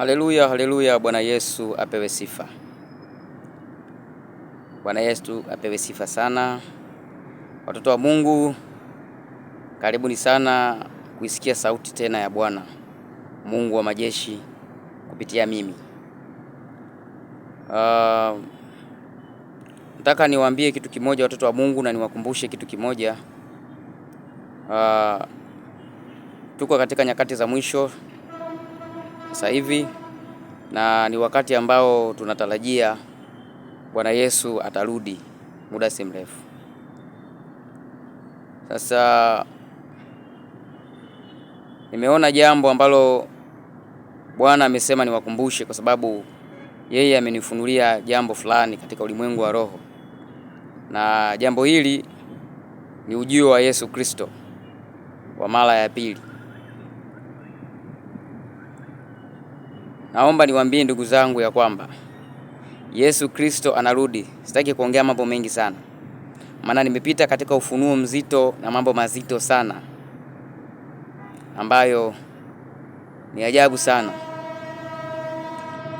Haleluya, haleluya! Bwana Yesu apewe sifa. Bwana Yesu apewe sifa sana. Watoto wa Mungu, karibuni sana kuisikia sauti tena ya Bwana Mungu wa majeshi kupitia mimi. Uh, nataka niwaambie kitu kimoja watoto wa Mungu na niwakumbushe kitu kimoja. Uh, tuko katika nyakati za mwisho sasa hivi, na ni wakati ambao tunatarajia Bwana Yesu atarudi muda si mrefu. Sasa nimeona jambo ambalo Bwana amesema niwakumbushe, kwa sababu yeye amenifunulia jambo fulani katika ulimwengu wa roho, na jambo hili ni ujio wa Yesu Kristo wa mara ya pili. Naomba niwaambie ndugu zangu ya kwamba Yesu Kristo anarudi. Sitaki kuongea mambo mengi sana, maana nimepita katika ufunuo mzito na mambo mazito sana ambayo ni ajabu sana,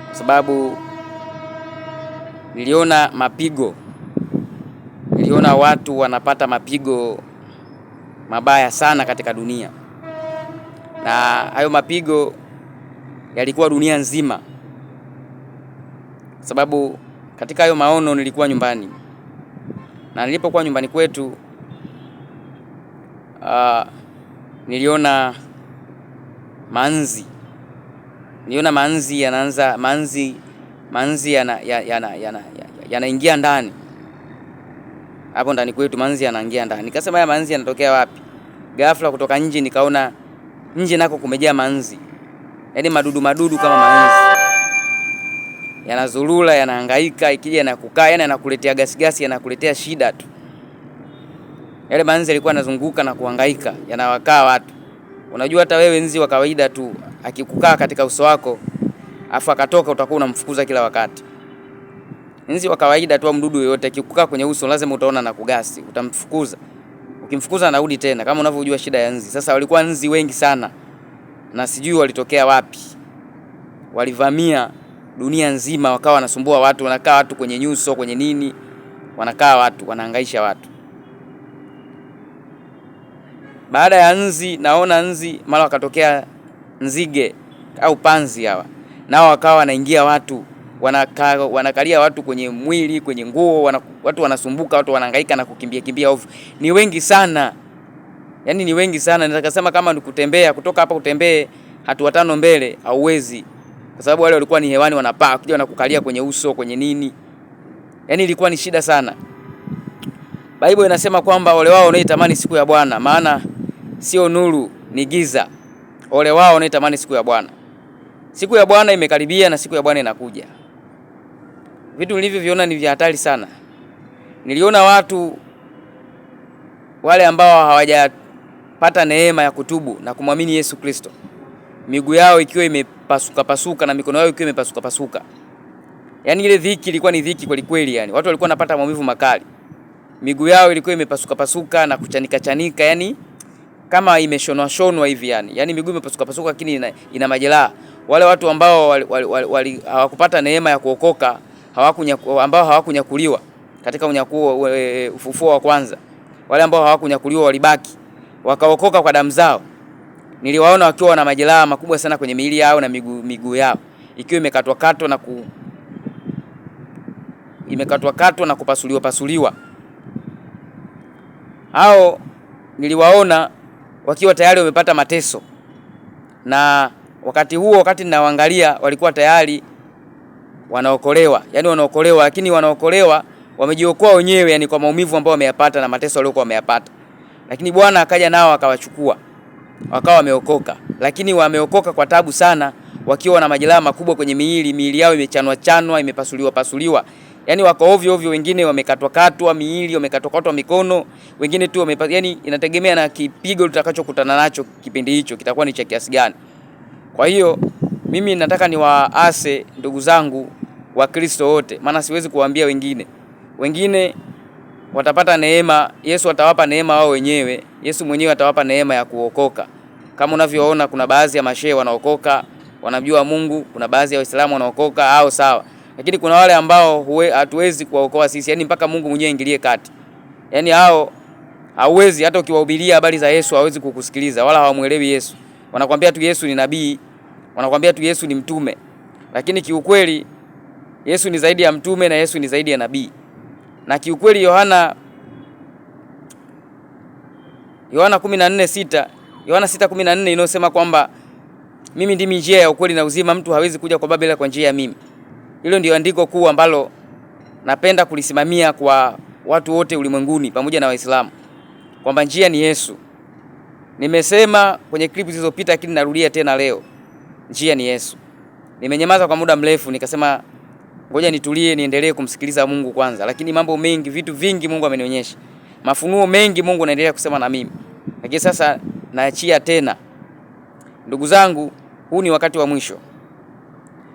kwa sababu niliona mapigo, niliona watu wanapata mapigo mabaya sana katika dunia, na hayo mapigo yalikuwa dunia nzima, sababu katika hayo maono nilikuwa nyumbani, na nilipokuwa nyumbani kwetu uh, niliona manzi, niliona manzi yanaanza, manzi manzi yanaingia yana, yana, yana, yana ndani hapo ndani kwetu, manzi yanaingia ndani. Nikasema haya manzi yanatokea wapi? Ghafla kutoka nje nikaona nje nako kumejaa manzi yaani madudu madudu kama manzi yanazurula, yanahangaika, ikija yanakukaa, yani yanakuletea gasigasi, yanakuletea shida tu. Yale manzi yalikuwa yanazunguka na kuhangaika, yanawakaa watu. Unajua hata wewe nzi wa kawaida tu akikukaa katika uso wako afu akatoka, utakuwa unamfukuza kila wakati. Nzi wa kawaida tu, mdudu yoyote akikukaa kwenye uso, lazima utaona na kugasi, utamfukuza. Ukimfukuza anarudi tena, kama unavyojua shida ya nzi. Sasa walikuwa nzi wengi sana na sijui walitokea wapi, walivamia dunia nzima, wakawa wanasumbua watu, wanakaa watu kwenye nyuso, kwenye nini, wanakaa watu, wanahangaisha watu. Baada ya nzi, naona nzi, mara wakatokea nzige au panzi, hawa nao wakawa wanaingia watu wanaka, wanakalia watu kwenye mwili, kwenye nguo, watu wanasumbuka, watu wanahangaika na kukimbia kimbia ovyo, ni wengi sana yani ni wengi sana. Nitakasema kama ni kutembea kutoka hapa utembee hatua tano mbele hauwezi, kwa sababu wale walikuwa ni hewani, wanapaa kija wanakukalia kwenye uso kwenye nini, yani ilikuwa ni shida sana. Biblia inasema kwamba ole wao wanaitamani siku ya Bwana, maana sio nuru, ni giza. Ole wao wanaitamani siku ya Bwana. Siku ya Bwana imekaribia na siku ya Bwana inakuja. Vitu nilivyoviona ni vya hatari sana. Niliona watu wale ambao hawaja pata neema ya kutubu na kumwamini Yesu Kristo, miguu yao ikiwa imepasuka pasuka na mikono yao ikiwa imepasuka pasuka. Yaani ile dhiki ilikuwa ni dhiki kweli kweli, yani watu walikuwa wanapata maumivu makali, miguu yao ilikuwa imepasuka pasuka na kuchanika chanika, yani kama imeshonwa shonwa hivi yani, yani miguu imepasuka pasuka, lakini ina, ina majeraha. Wale watu ambao hawakupata neema ya kuokoka hawakunyaku, ambao hawakunyakuliwa katika unyakuo e, e, ufufuo wa kwanza, wale ambao hawakunyakuliwa walibaki wakaokoka kwa damu zao. Niliwaona wakiwa na majeraha makubwa sana kwenye miili yao na miguu miguu yao ikiwa imekatwakatwa na ku imekatwakatwa na kupasuliwa pasuliwa. Hao niliwaona wakiwa tayari wamepata mateso, na wakati huo, wakati ninawaangalia, walikuwa tayari wanaokolewa, yani wanaokolewa, lakini wanaokolewa wamejiokoa wenyewe, yani kwa maumivu ambayo wameyapata na mateso waliokuwa wameyapata lakini Bwana akaja nao akawachukua, wakawa wameokoka, lakini wameokoka kwa tabu sana, wakiwa na majeraha makubwa kwenye miili. Miili yao imechanwa chanwa, imepasuliwa pasuliwa, yani wako ovyo ovyo, wengine wamekatwakatwa miili, katwa mikono, wengine tu wame, yani inategemea na kipigo utakachokutana nacho kipindi hicho kitakuwa ni cha kiasi gani. Kwa hiyo mimi nataka niwaase ndugu zangu wa Kristo wote, maana siwezi kuwaambia wengine wengine watapata neema, Yesu atawapa neema wao wenyewe, Yesu mwenyewe atawapa neema ya kuokoka. Kama unavyoona kuna baadhi ya mashehe wanaokoka, wanamjua Mungu, kuna baadhi ya Waislamu wanaokoka au sawa, lakini kuna wale ambao hatuwezi kuwaokoa sisi, yani mpaka Mungu mwenyewe ingilie kati. Yani hao hauwezi hata ukiwahubiria habari za Yesu hawezi kukusikiliza wala hawamwelewi Yesu. Wanakwambia tu Yesu ni nabii, wanakwambia tu Yesu ni mtume, lakini kiukweli Yesu ni zaidi ya mtume na Yesu ni zaidi ya nabii na kiukweli Yohana Yohana 14:6 Yohana 6:14 inayosema kwamba mimi ndimi njia ya ukweli na uzima, mtu hawezi kuja kwa Baba ila kwa njia ya mimi. Hilo ndio andiko kuu ambalo napenda kulisimamia kwa watu wote ulimwenguni pamoja na Waislamu kwamba njia ni Yesu. Nimesema kwenye clip zilizopita, lakini narudia tena leo, njia ni Yesu. Nimenyamaza kwa muda mrefu nikasema ngoja nitulie niendelee kumsikiliza Mungu kwanza, lakini mambo mengi, vitu vingi Mungu amenionyesha, mafunuo mengi Mungu anaendelea kusema na mimi, lakini sasa naachia tena. Ndugu zangu, huu ni wakati wa mwisho.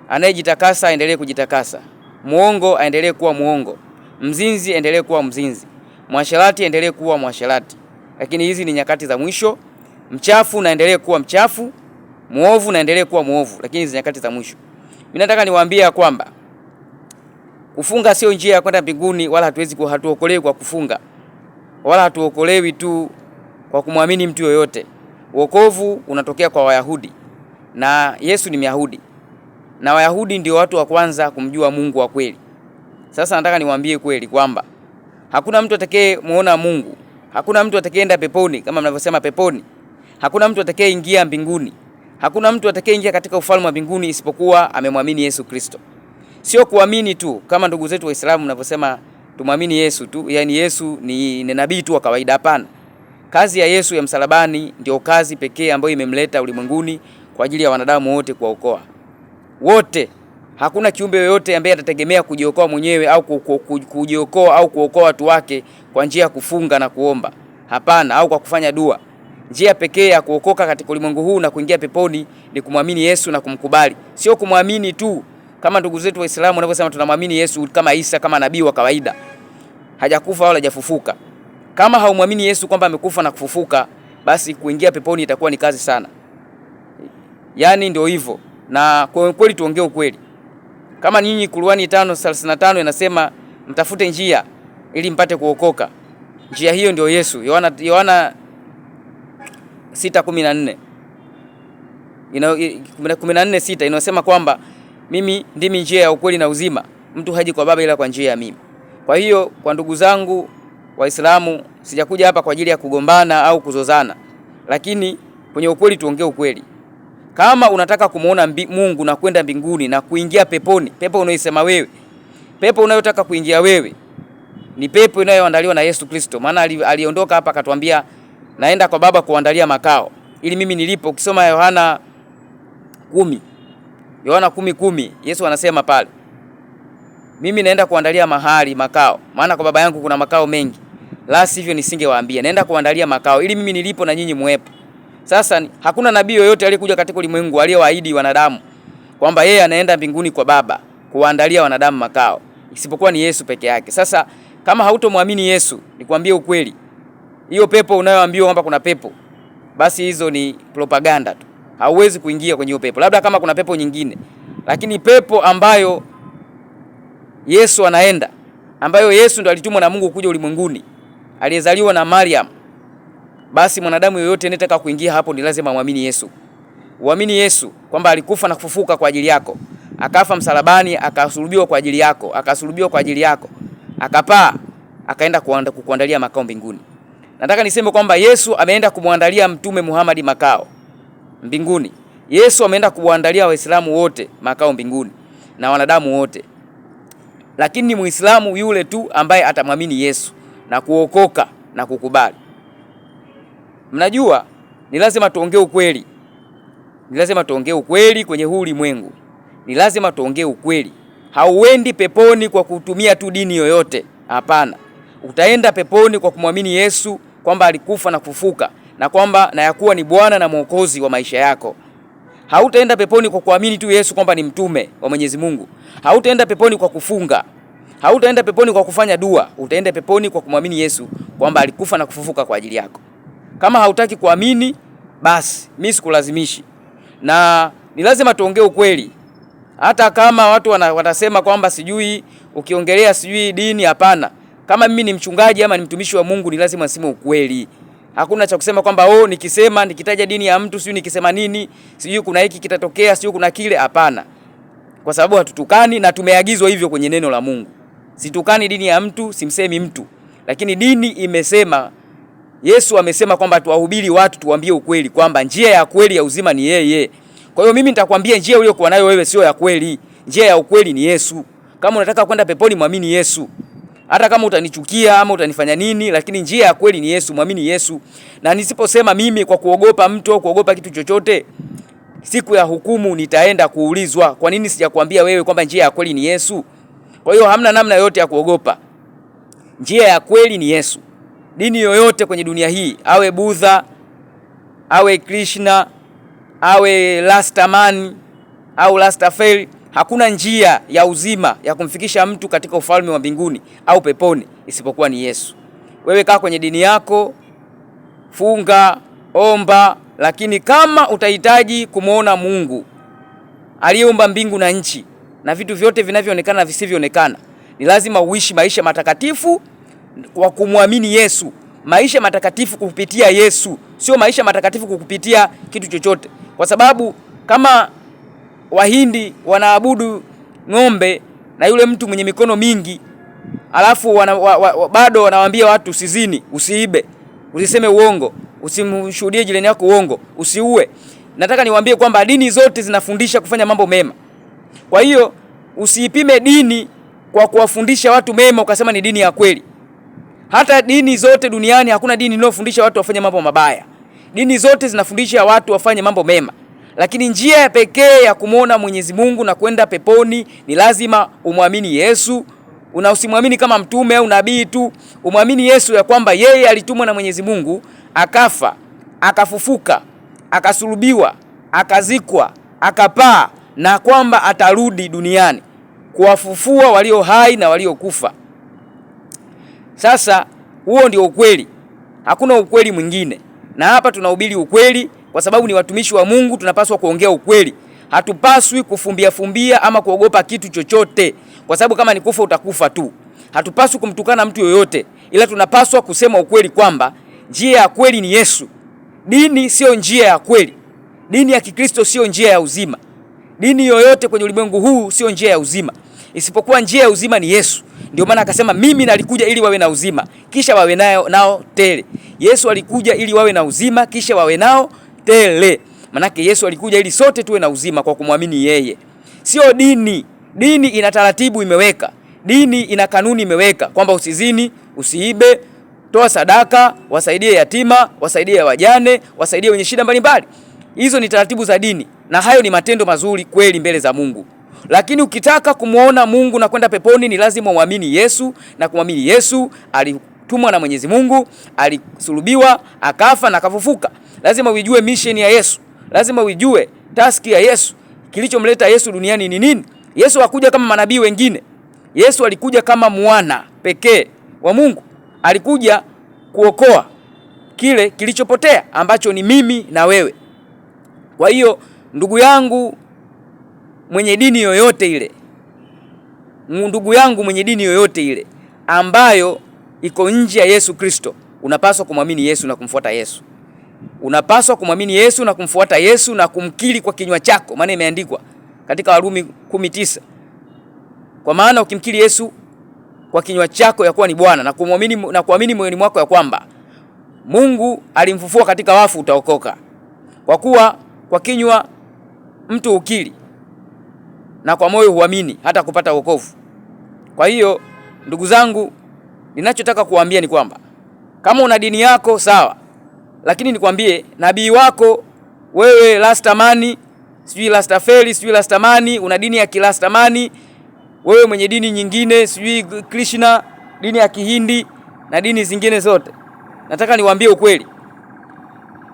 Anayejitakasa aendelee kujitakasa, muongo aendelee kuwa muongo, mzinzi aendelee kuwa mzinzi, mwasherati aendelee kuwa mwasherati. Lakini hizi ni nyakati za mwisho. Mchafu naendelee kuwa mchafu, muovu naendelee kuwa muovu, lakini hizi nyakati za mwisho. Mimi nataka niwaambie kwamba Kufunga sio njia ya kwenda mbinguni, wala hatuwezi hatuokolewi kwa kufunga, wala hatuokolewi tu kwa kumwamini mtu yoyote. Wokovu unatokea kwa Wayahudi na Yesu ni Myahudi, na Wayahudi ndio watu wa kwanza kumjua Mungu wa kweli. Sasa nataka niwaambie kweli kwamba hakuna mtu atakaye muona Mungu, hakuna mtu atakayeenda peponi kama mnavyosema peponi, hakuna mtu atakayeingia mbinguni, hakuna mtu atakayeingia katika ufalme wa mbinguni isipokuwa amemwamini Yesu Kristo sio kuamini tu kama ndugu zetu Waislamu mnavyosema tumwamini Yesu tu, yani Yesu ni, ni nabii tu wa kawaida. Hapana, kazi ya Yesu ya msalabani ndio kazi pekee ambayo imemleta ulimwenguni kwa ajili ya wanadamu wote, kuwaokoa wote. Hakuna kiumbe yoyote ambaye atategemea kujiokoa mwenyewe au kujiokoa au kuokoa watu wake kwa njia ya kufunga na kuomba, hapana, au kwa kufanya dua. Njia pekee ya kuokoka katika ulimwengu huu na kuingia peponi ni kumwamini Yesu na kumkubali, sio kumwamini tu kama ndugu zetu Waislamu wanavyosema tunamwamini Yesu kama Isa kama nabii wa kawaida, hajakufa wala hajafufuka. Kama haumwamini Yesu kwamba amekufa na kufufuka, basi kuingia peponi itakuwa ni kazi sana. Yaani ndio hivyo, na kwa kweli tuongee ukweli. Kama nyinyi Qur'ani 5:35 inasema mtafute njia ili mpate kuokoka, njia hiyo ndio Yesu. Yohana Yohana 6:14 ina 14:6 inasema kwamba mimi ndimi njia ya ukweli na uzima, mtu haji kwa Baba ila kwa njia ya mimi. Kwa hiyo, kwa ndugu zangu Waislamu, sijakuja hapa kwa ajili ya kugombana au kuzozana, lakini kwenye ukweli tuongee ukweli. Kama unataka kumuona mbi, Mungu na kwenda mbinguni na kuingia peponi, pepo unaoisema wewe, pepo unayotaka kuingia wewe ni pepo inayoandaliwa na Yesu Kristo, maana aliondoka hapa akatwambia, naenda kwa Baba kuandalia makao ili mimi nilipo. Ukisoma Yohana kumi Yohana kumi kumi, Yesu anasema pale, mimi naenda kuandalia mahali makao, maana kwa Baba yangu kuna makao mengi, la sivyo nisingewaambia. Naenda kuandalia makao ili mimi nilipo na nyinyi muwepo. Sasa hakuna nabii yoyote aliyekuja katika ulimwengu aliyewaahidi wanadamu kwamba yeye anaenda mbinguni kwa Baba kuwaandalia wanadamu makao isipokuwa ni Yesu peke yake. Sasa kama hautomwamini Yesu, nikwambie ukweli, hiyo pepo unayoambiwa kwamba kuna pepo, basi hizo ni propaganda tu hauwezi kuingia kwenye hiyo pepo, labda kama kuna pepo nyingine, lakini pepo ambayo Yesu anaenda, ambayo Yesu ndo alitumwa na Mungu kuja ulimwenguni, aliyezaliwa na Mariam, basi mwanadamu yoyote anayetaka kuingia hapo ni lazima amwamini Yesu, uamini Yesu kwamba alikufa na kufufuka kwa ajili yako, akafa msalabani, akasulubiwa kwa ajili yako, akasulubiwa kwa ajili yako, akapaa, akaenda kukuandalia makao mbinguni. Nataka niseme kwamba Yesu ameenda kumwandalia Mtume Muhammad makao mbinguni. Yesu ameenda kuwaandalia Waislamu wote makao mbinguni na wanadamu wote, lakini ni Muislamu yule tu ambaye atamwamini Yesu na kuokoka na kukubali. Mnajua ni lazima tuongee ukweli, ni lazima tuongee ukweli kwenye huu ulimwengu, ni lazima tuongee ukweli. Hauendi peponi kwa kutumia tu dini yoyote, hapana. Utaenda peponi kwa kumwamini Yesu kwamba alikufa na kufufuka na kwamba na yakuwa ni Bwana na Mwokozi wa maisha yako. Hautaenda peponi kwa kuamini tu Yesu kwamba ni mtume wa Mwenyezi Mungu. Hautaenda peponi kwa kufunga. Hautaenda peponi kwa kufanya dua. Utaenda peponi kwa kumwamini Yesu kwamba alikufa na kufufuka kwa ajili yako. Kama hautaki kuamini, basi mimi sikulazimishi, na ni lazima tuongee ukweli, hata kama watu wanasema kwamba sijui ukiongelea sijui dini. Hapana, kama mimi ni mchungaji ama ni mtumishi wa Mungu, ni lazima niseme ukweli. Hakuna cha kusema kwamba oh, nikisema nikitaja dini ya mtu sijui nikisema nini sijui kuna hiki kitatokea sijui kuna kile. Hapana, kwa sababu hatutukani na tumeagizwa hivyo kwenye neno la Mungu. Situkani dini ya mtu, simsemi mtu, lakini dini imesema, Yesu amesema kwamba tuwahubiri watu, tuwaambie ukweli kwamba njia ya kweli ya uzima ni yeye. Kwa hiyo mimi nitakwambia njia uliyokuwa nayo wewe sio ya kweli. Njia ya ukweli ni Yesu. Kama unataka kwenda peponi, mwamini Yesu hata kama utanichukia ama utanifanya nini, lakini njia ya kweli ni Yesu. Mwamini Yesu, na nisiposema mimi kwa kuogopa mtu kuogopa kitu chochote, siku ya hukumu nitaenda kuulizwa, kwa nini sijakwambia wewe kwamba njia ya kweli ni Yesu? Kwa hiyo hamna namna yoyote ya kuogopa, njia ya kweli ni Yesu. Dini yoyote kwenye dunia hii, awe Budha, awe Krishna, awe Rastaman au Rastafari Hakuna njia ya uzima ya kumfikisha mtu katika ufalme wa mbinguni au peponi isipokuwa ni Yesu. Wewe kaa kwenye dini yako, funga, omba, lakini kama utahitaji kumwona Mungu aliyeumba mbingu na nchi na vitu vyote vinavyoonekana na visivyoonekana, ni lazima uishi maisha matakatifu kwa kumwamini Yesu, maisha matakatifu kupitia Yesu, sio maisha matakatifu kukupitia kitu chochote, kwa sababu kama Wahindi wanaabudu ng'ombe na yule mtu mwenye mikono mingi, alafu wana, wa, wa, bado wanawaambia watu usizini, usiibe, usiseme uongo, usimshuhudie jirani yako uongo, usiue. Nataka niwaambie kwamba dini zote zinafundisha kufanya mambo mema. Kwa hiyo usiipime dini kwa kuwafundisha watu mema ukasema ni dini ya kweli. Hata dini zote duniani hakuna dini inayofundisha watu wafanye mambo mabaya. Dini zote zinafundisha watu wafanye mambo mema. Lakini njia ya pekee ya kumwona Mwenyezi Mungu na kwenda peponi ni lazima umwamini Yesu, una usimwamini kama mtume au nabii tu, umwamini Yesu ya kwamba yeye alitumwa na Mwenyezi Mungu, akafa, akafufuka, akasulubiwa, akazikwa, akapaa na kwamba atarudi duniani kuwafufua walio hai na waliokufa. Sasa huo ndio ukweli, hakuna ukweli mwingine, na hapa tunahubiri ukweli kwa sababu ni watumishi wa Mungu, tunapaswa kuongea ukweli. Hatupaswi kufumbia fumbia ama kuogopa kitu chochote, kwa sababu kama ni kufa utakufa tu. Hatupaswi kumtukana mtu yoyote, ila tunapaswa kusema ukweli kwamba njia ya kweli ni Yesu. Dini siyo njia ya kweli, dini ya Kikristo siyo njia ya uzima, dini yoyote kwenye ulimwengu huu siyo njia ya uzima, isipokuwa njia ya uzima ni Yesu. Ndio maana akasema mimi nalikuja ili wawe na uzima kisha wawe nao, nao tele. Yesu alikuja ili wawe na uzima kisha wawe nao tele. Manake Yesu alikuja ili sote tuwe na uzima kwa kumwamini yeye, sio dini. Dini ina taratibu imeweka, dini ina kanuni imeweka kwamba usizini, usiibe, toa sadaka, wasaidie yatima, wasaidie wajane, wasaidie wenye shida mbalimbali. Hizo ni taratibu za dini, na hayo ni matendo mazuri kweli mbele za Mungu. Lakini ukitaka kumwona Mungu na kwenda peponi, ni lazima uamini Yesu, na kumwamini Yesu, alitumwa na Mwenyezi Mungu, alisulubiwa, akafa na akafufuka lazima uijue mission ya Yesu, lazima uijue taski ya Yesu, kilichomleta Yesu duniani ni nini. Yesu hakuja kama manabii wengine. Yesu alikuja kama mwana pekee wa Mungu, alikuja kuokoa kile kilichopotea ambacho ni mimi na wewe. Kwa hiyo ndugu yangu mwenye dini yoyote ile, ndugu yangu mwenye dini yoyote ile ambayo iko nje ya Yesu Kristo, unapaswa kumwamini Yesu na kumfuata Yesu unapaswa kumwamini Yesu na kumfuata Yesu na kumkiri kwa kinywa chako, maana imeandikwa katika Warumi kumi tisa kwa maana ukimkiri Yesu kwa kinywa chako ya kuwa ni Bwana na kumwamini na kuamini moyoni mwako ya kwamba Mungu alimfufua katika wafu utaokoka. Kwa kuwa kwa kinywa mtu ukiri na kwa moyo huamini hata kupata wokovu. Kwa hiyo ndugu zangu, ninachotaka kuwaambia ni kwamba kama una dini yako sawa, lakini nikwambie nabii wako wewe Rastamani, sijui Rastafeli, sijui Rastamani, una dini ya Kirastamani, wewe mwenye dini nyingine, sijui Krishna, dini ya Kihindi na dini zingine zote, nataka niwaambie ukweli.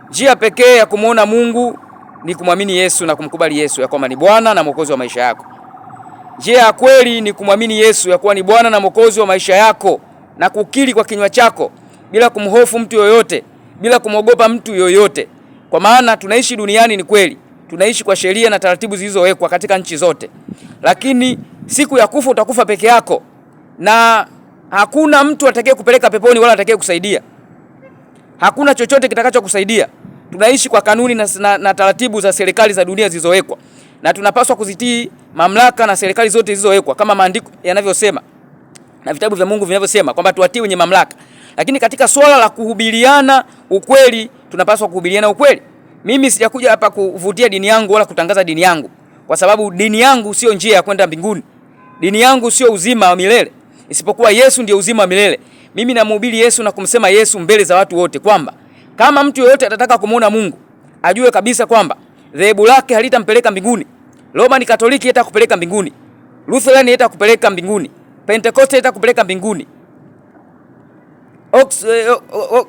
Njia pekee ya kumwona Mungu ni kumwamini Yesu na kumkubali Yesu ya kwamba ni Bwana na Mwokozi wa maisha yako. Njia ya kweli ni kumwamini Yesu ya kuwa ni Bwana na Mwokozi wa maisha yako na kukiri kwa kinywa chako bila kumhofu mtu yoyote bila kumwogopa mtu yoyote, kwa maana tunaishi duniani, ni kweli tunaishi kwa sheria na taratibu zilizowekwa katika nchi zote, lakini siku ya kufa utakufa peke yako, na hakuna mtu atakaye kupeleka peponi wala atakaye kusaidia. Hakuna chochote kitakachokusaidia. Tunaishi kwa kanuni na, na, na taratibu za serikali za dunia zilizowekwa, na tunapaswa kuzitii mamlaka na serikali zote zilizowekwa kama maandiko yanavyosema na vitabu vya Mungu vinavyosema kwamba tuwatii wenye mamlaka, lakini katika swala la kuhubiriana ukweli, tunapaswa kuhubiriana ukweli. Mimi sijakuja hapa kuvutia dini yangu wala kutangaza dini yangu, kwa sababu dini yangu sio njia ya kwenda mbinguni. Dini yangu sio uzima wa milele, isipokuwa Yesu ndiyo uzima wa milele. Mimi namhubiri Yesu na kumsema Yesu mbele za watu wote kwamba kama mtu yeyote atataka kumuona Mungu ajue kabisa kwamba dhehebu lake halitampeleka mbinguni. Roman Katoliki itakupeleka mbinguni, Lutheran itakupeleka mbinguni, Pentecost itakupeleka mbinguni Ox, eh,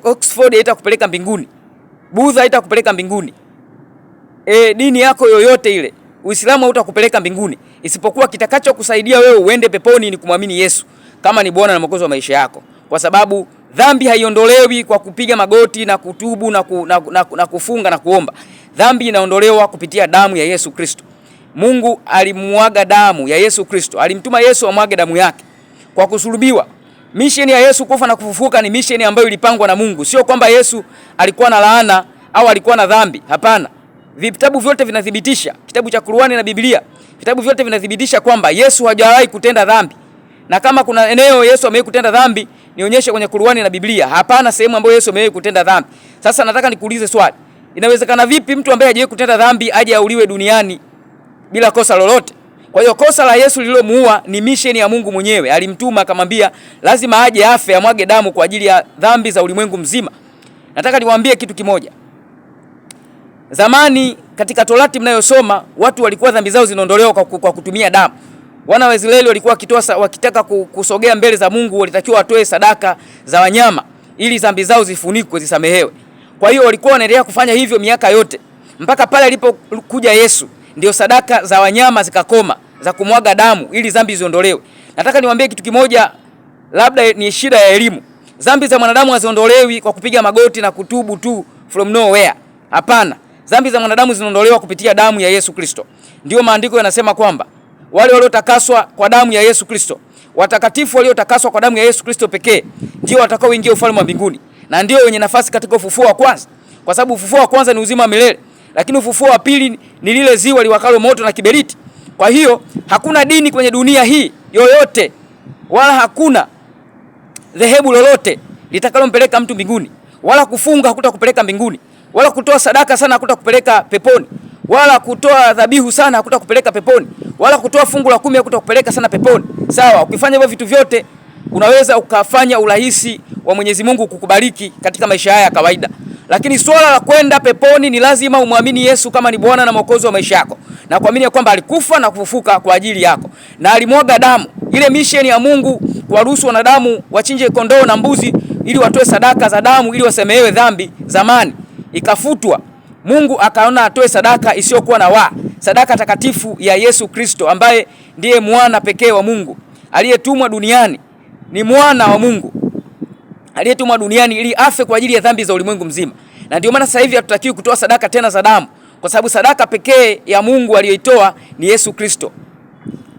Oxford haitakupeleka mbinguni, Budha haitakupeleka mbinguni, e, dini yako yoyote ile, Uislamu hautakupeleka mbinguni, isipokuwa kitakachokusaidia wewe uende peponi ni kumwamini Yesu kama ni Bwana na Mwokozi wa maisha yako, kwa sababu dhambi haiondolewi kwa kupiga magoti na kutubu na, ku, na, na, na kufunga na kuomba. Dhambi inaondolewa kupitia damu ya Yesu Kristo. Mungu alimwaga damu ya Yesu Kristo, alimtuma Yesu amwage damu yake kwa kusulubiwa Misheni ya Yesu kufa na kufufuka ni misheni ambayo ilipangwa na Mungu. Sio kwamba Yesu alikuwa na laana au alikuwa na dhambi. Hapana. Vitabu vyote vinathibitisha, kitabu cha Qur'ani na Biblia, vitabu vyote vinathibitisha kwamba Yesu hajawahi kutenda dhambi. Na kama kuna eneo Yesu amewahi kutenda dhambi, nionyeshe kwenye Qur'ani na Biblia. Hapana sehemu ambayo Yesu amewahi kutenda dhambi. Sasa nataka nikuulize swali. Inawezekana vipi mtu ambaye hajawahi kutenda dhambi aje auliwe duniani bila kosa lolote? Kwa hiyo kosa la Yesu lililomuua ni misheni ya Mungu mwenyewe. Alimtuma akamwambia lazima aje afe, amwage damu kwa ajili ya dhambi za ulimwengu mzima. Nataka niwaambie kitu kimoja. Zamani katika Torati mnayosoma watu walikuwa dhambi zao zinaondolewa kwa, kwa kutumia damu. Wana wa Israeli walikuwa wakitoa wakitaka kusogea mbele za Mungu walitakiwa watoe sadaka za wanyama ili dhambi zao zifunikwe zisamehewe. Kwa hiyo walikuwa wanaendelea kufanya hivyo miaka yote mpaka pale alipokuja Yesu ndio sadaka za wanyama zikakoma za kumwaga damu ili dhambi ziondolewe. Nataka niwaambie kitu kimoja, labda ni shida ya elimu. Dhambi za mwanadamu haziondolewi kwa kupiga magoti na kutubu tu from nowhere. Hapana, dhambi za mwanadamu zinaondolewa kupitia damu ya Yesu Kristo. Ndio maandiko yanasema kwamba wale waliotakaswa kwa damu ya Yesu Kristo, watakatifu waliotakaswa kwa damu ya Yesu Kristo pekee ndio watakaoingia ufalme wa mbinguni na ndio wenye nafasi katika ufufuo wa kwanza, kwa sababu ufufuo wa kwanza ni uzima wa milele lakini ufufuo wa pili ni lile ziwa liwakalo moto na kiberiti. Kwa hiyo hakuna dini kwenye dunia hii yoyote wala hakuna dhehebu lolote litakalompeleka mtu mbinguni, wala kufunga hakuta kupeleka mbinguni, wala kutoa sadaka sana hakuta kupeleka peponi, wala kutoa dhabihu sana hakuta kupeleka peponi, wala kutoa fungu la kumi hakuta kupeleka sana peponi. Sawa, ukifanya hivyo vitu vyote unaweza ukafanya urahisi wa Mwenyezi Mungu kukubariki katika maisha haya ya kawaida. Lakini swala la kwenda peponi ni lazima umwamini Yesu kama ni Bwana na Mwokozi wa maisha yako na kuamini kwamba alikufa na kufufuka kwa ajili yako na alimwaga damu. Ile misheni ya Mungu kuwaruhusu wanadamu wachinje kondoo na mbuzi ili watoe sadaka za damu ili wasemewe dhambi zamani ikafutwa. Mungu akaona atoe sadaka isiyokuwa na wa sadaka takatifu ya Yesu Kristo ambaye ndiye mwana pekee wa Mungu aliyetumwa duniani, ni mwana wa Mungu aliyetumwa duniani ili afe kwa ajili ya dhambi za ulimwengu mzima. Na ndio maana sasa hivi hatutakiwi kutoa sadaka tena za damu, kwa sababu sadaka pekee ya Mungu aliyoitoa ni Yesu Kristo,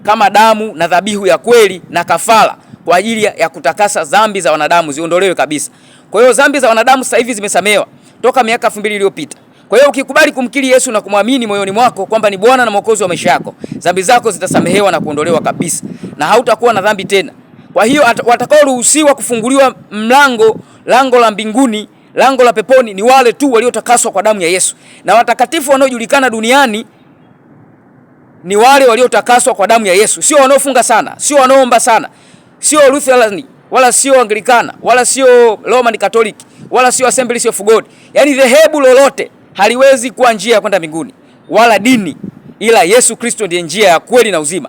kama damu na dhabihu ya kweli na kafara kwa ajili ya kutakasa dhambi za wanadamu ziondolewe kabisa. Kwa hiyo dhambi za wanadamu sasa hivi zimesamewa toka miaka 2000 iliyopita. Kwa hiyo ukikubali kumkiri Yesu na kumwamini moyoni mwako kwamba ni Bwana na Mwokozi wa maisha yako, dhambi zako zitasamehewa na kuondolewa kabisa, na hautakuwa na dhambi tena. Kwa hiyo watakaoruhusiwa kufunguliwa mlango lango la mbinguni lango la peponi ni wale tu waliotakaswa kwa damu ya Yesu, na watakatifu wanaojulikana duniani ni wale waliotakaswa kwa damu ya Yesu, sio wanaofunga sana, sio wanaoomba sana, sio Lutheran wala sio Anglikana wala sio Roman Catholic wala sio Assembly of God. Yaani dhehebu lolote haliwezi kuwa njia ya kwenda mbinguni wala dini, ila Yesu Kristo ndiye njia ya kweli na uzima,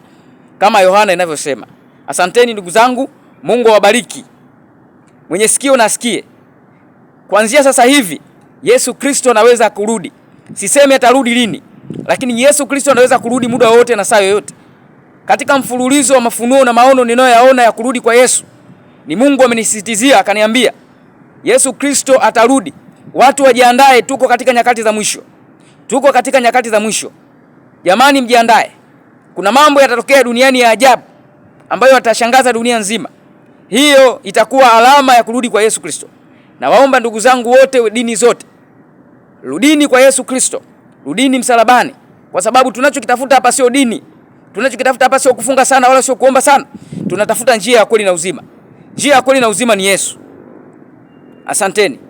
kama Yohana inavyosema. Asanteni ndugu zangu, Mungu awabariki. Mwenye sikio nasikie. Kuanzia sasa hivi Yesu Kristo anaweza kurudi. siseme atarudi lini, lakini Yesu Kristo anaweza kurudi muda wowote na saa yoyote. Katika mfululizo wa mafunuo na maono ninayoyaona ya kurudi kwa Yesu, ni Mungu amenisisitizia akaniambia, Yesu Kristo atarudi, watu wajiandae, tuko katika nyakati za mwisho, tuko katika nyakati za mwisho. Jamani, mjiandae, kuna mambo yatatokea duniani ya ajabu ambayo atashangaza dunia nzima. Hiyo itakuwa alama ya kurudi kwa Yesu Kristo. Nawaomba ndugu zangu wote, dini zote, rudini kwa Yesu Kristo, rudini msalabani, kwa sababu tunachokitafuta hapa sio dini, tunachokitafuta hapa sio kufunga sana, wala sio kuomba sana. Tunatafuta njia ya kweli na uzima. Njia ya kweli na uzima ni Yesu. Asanteni.